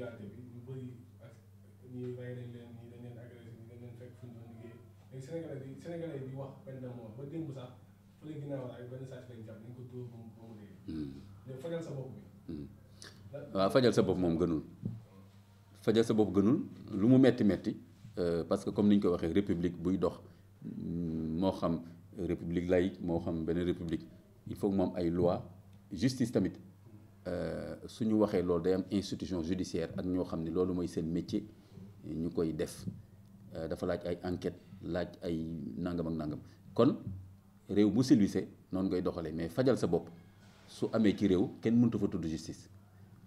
actualité bi ñu bëri ak ñii rey nañ leen ko dóor ba mu dee. Hmm. fajal sa bopp bi. Hmm. waaw fajal sa bopp moom gënul fajal sa bopp gënul lu mu metti metti euh, parce que comme ni ñu ko waxee république buy dox hmm, moo xam république laïque moo xam beneen république il faut moom ay loi justice tamit. Euh, su ñu waxee loolu day am institution judiciaire ak ñoo xam ne loolu mooy seen métier ñu koy def euh, dafa laaj ay enquête laaj ay nangam ak nangam kon réew bu silwise noonu ngay doxalee mais fajal sa bopp su amee ci réew kenn mëntu fa tudd justice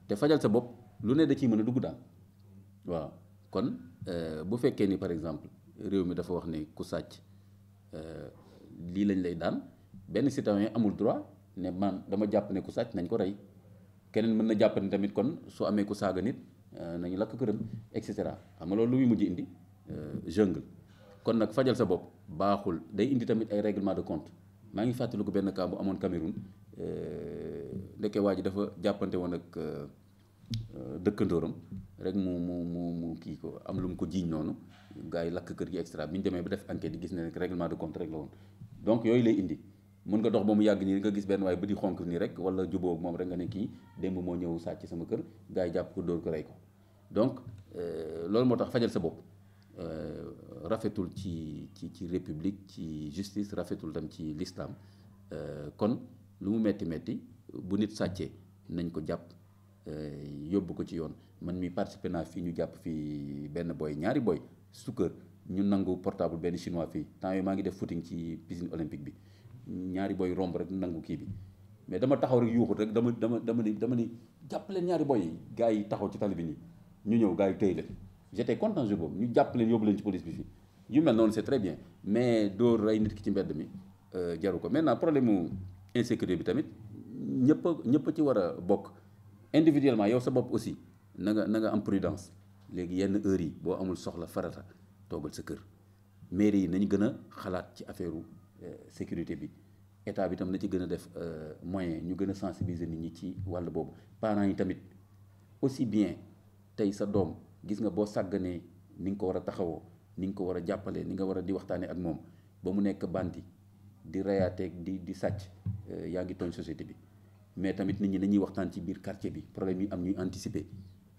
te fajal sa bopp lu ne da ciy mën a dugg daal waaw kon euh, bu fekkee ni par exemple réew mi dafa wax ne ku sàcc lii lañ lay daan benn citoyen amul droit ne man dama jàpp ne ku sàcc nañ ko rey keneen mën na jàpp ni tamit kon su amee ku saaga nit euh, nañu lakk këram et cetera xam nga loolu lu muy mujj indi euh, jungle kon nag fajal sa bopp baaxul day indi tamit ay règlement de compte maa ngi fàttaliku benn cas bu amoon Cameroun euh, ndekkee waa ji dafa jàppante woon ak dëkkandóoram rek mu mu mu mu kii ko am lu mu ko jiiñ noonu gars yi lakk kër gi extra bi ñu demee ba def enquête yi gis ne rek règlement de compte rek la woon donc yooyu lay indi mën nga dox ba mu yàgg nii nga gis benn waaye bët di xonk nii rek wala jubóog moom rek nga ne kii démb moo ñëw sàcc sama kër gars yi jàpp ko dóor ko rey ko donc euh, loolu moo tax fajal sa bopp euh, rafetul ci ci ci république ci justice rafetul tam ci l'islam euh, kon lu mu metti metti bu nit sàccee nañ ko jàpp yóbbu ko ci yoon man mi participé naa fii ñu jàpp fii benn booy ñaari booy sukkër ñu nangu portable benn chinois fii temps yooyu maa ngi def footing ci piscine olympique bi ñaari boy romb rek nangu kii bi mais dama taxaw rek rek dama dama dama dama ni jàpp ñaari boy yi gars yi taxaw ci tali bi nii ñu ñëw gars yi tëy leen j'étais content boobu ñu jàpp leen yóbbu leen ci police bi fii yu mel noonu c'est très bien mais dóor ay nit ki ci mbedd mi euh, jaru ko maintenant problème mu insécurité bi tamit ñëpp a ñëpp a ci war a bokk individuellement yow sa bopp aussi na nga na nga am prudence léegi yenn heures yi boo amul soxla farata toogal sa kër mairie yi nañu gën a xalaat ci affaire Euh, sécurité bi état bi tam na ci gën a def euh, moyen ñu gën a sensibiliser nit ñi ci wàll boobu parent yi tamit aussi bien tey sa doom gis nga boo sàgganee ni nga ko war a taxawoo ni nga ko war a jàppalee ni nga war a di waxtaanee ak moom ba mu nekk bandi di reyaateeg di di sàcc euh, yaa ngi tooñ société bi mais tamit nit ñi dañuy waxtaan ci biir quartier bi problème yi am ñuy anticiper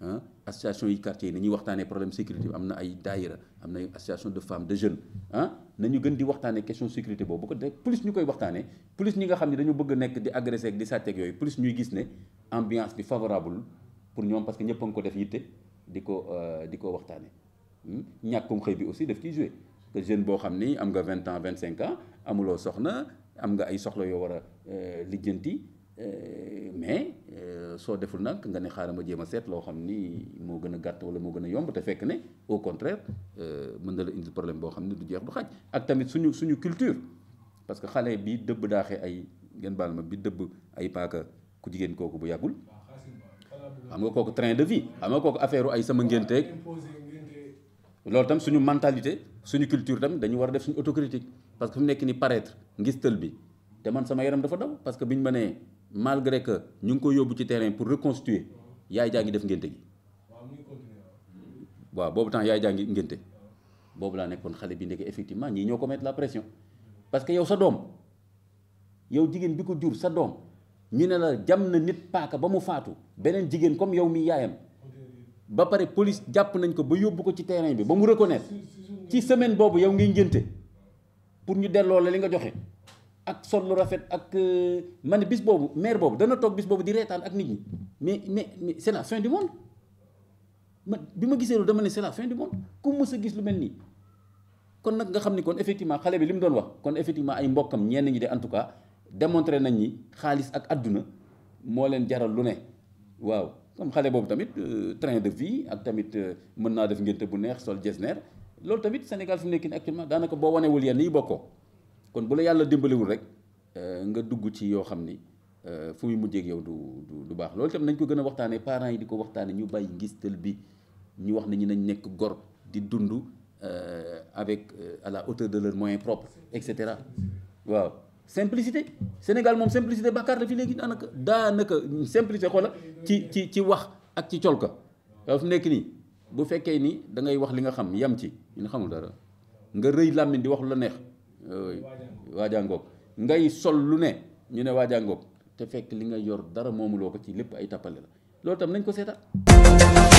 ah association yi quartier yi nañuy waxtaanee problème sécurité am na ay daayira am na association de femmes de jeune nañu gën di waxtaanee question sécurité boobu bu ko def plus ñu koy waxtaanee plus ñi nga xam ne dañu bëgg nekk di agressé ak di sàcc ak yooyu plus ñuy gis ne ambiance bi favorable pour ñoom parce que ñëpp a ngi ko def yitte di ko euh, di ko waxtaanee hmm? ñàkkum xëy bi aussi daf ciy joué que jeune boo xam ni am nga vingt ans vingt cinq amuloo soxna am nga ay soxla yoo war a euh, lijjanti. Euh, mais euh, soo deful nag nga ne xaaral ma jéem a seet loo xam nii moo gën a gàtt wala moo gën a yomb te fekk ne au contraire euh, mën na la indi problème boo xam ne du jeex du xaaj ak tamit suñu suñu culture parce que xale bi dëbb daaxee ay ngeen baal ma bi dëbb ay paaka ku jigéen kooku bu yàggul xam nga kooku train de vie xam nga kook affaire ay sama ngénteeg loolu tam suñu mentalité suñu culture tam dañu war a def suñu autocritique parce que fi mu nekk ni paraître ngistal bi te man sama yaram dafa daw parce que biñ ma nee malgré que ñu ngi ko yóbbu ci terrain pour reconstituer yaay jaa ngi def ngénte gi waaw boobu temps yaay jaa ngi ngénte boobu laa nekkoon xale bi ndeke effectivement ñii ñoo ko mettre la pression parce que yow sa doom yow jigéen bi ko jur sa doom ñu ne la jam na nit paaka ba mu faatu beneen jigéen comme yow mi yaayam ba pare police jàpp nañ ko ba yóbbu ko ci terrain bi ba mu reconnaître ci semaine boobu yow ngay ngénte pour ñu delloo la li nga joxe ak sol lu rafet ak euh, ma ne bis boobu maire boobu dana toog bis boobu di reetaan ak nit ñi mais mais mais c'est la fin du bi ma gisee loolu dama ne c'est la fin du monde ku mës a gis lu mel nii. kon nag nga xam ni kon effectivement xale bi li mu doon wax kon effectivement ay mbokkam ñenn ñi de en tout cas démontré nañ ni xaalis ak àdduna moo leen jaral lu ne waaw comme xale boobu tamit euh, train de vie ak tamit euh, mën naa def ngénte bu neex sol jesner loolu tamit Sénégal fi nekk nii actuellement boo wanewul yenn yi bokkoo. kon bu la yàlla dimbaliwul rek euh, nga dugg ci yoo xam ni euh, fu muy mujjee ak yow du du du baax loolu tam nañ ko gën a waxtaanee parent yi di ko waxtaanee ñu bàyyi ngistal bi ñu wax ne ñu nañ nekk gor di dund euh, avec à la hauteur de leur moyen propre et cetera waaw. simplicité Sénégal moom simplicité bàkkaar la fi léegi daanaka daanaka simplicité xoola ci ci ci wax ak ci colka dafa nekk nii bu fekkee ni da ngay wax li nga xam yam ci ñu xamul dara nga rëy làmmiñ di wax la neex. waajangoog ngay sol lu ne ñu ne waajangoog te fekk li nga yor dara moomuloo ko ci lépp ay tappale la loo tam nañ ko seetaan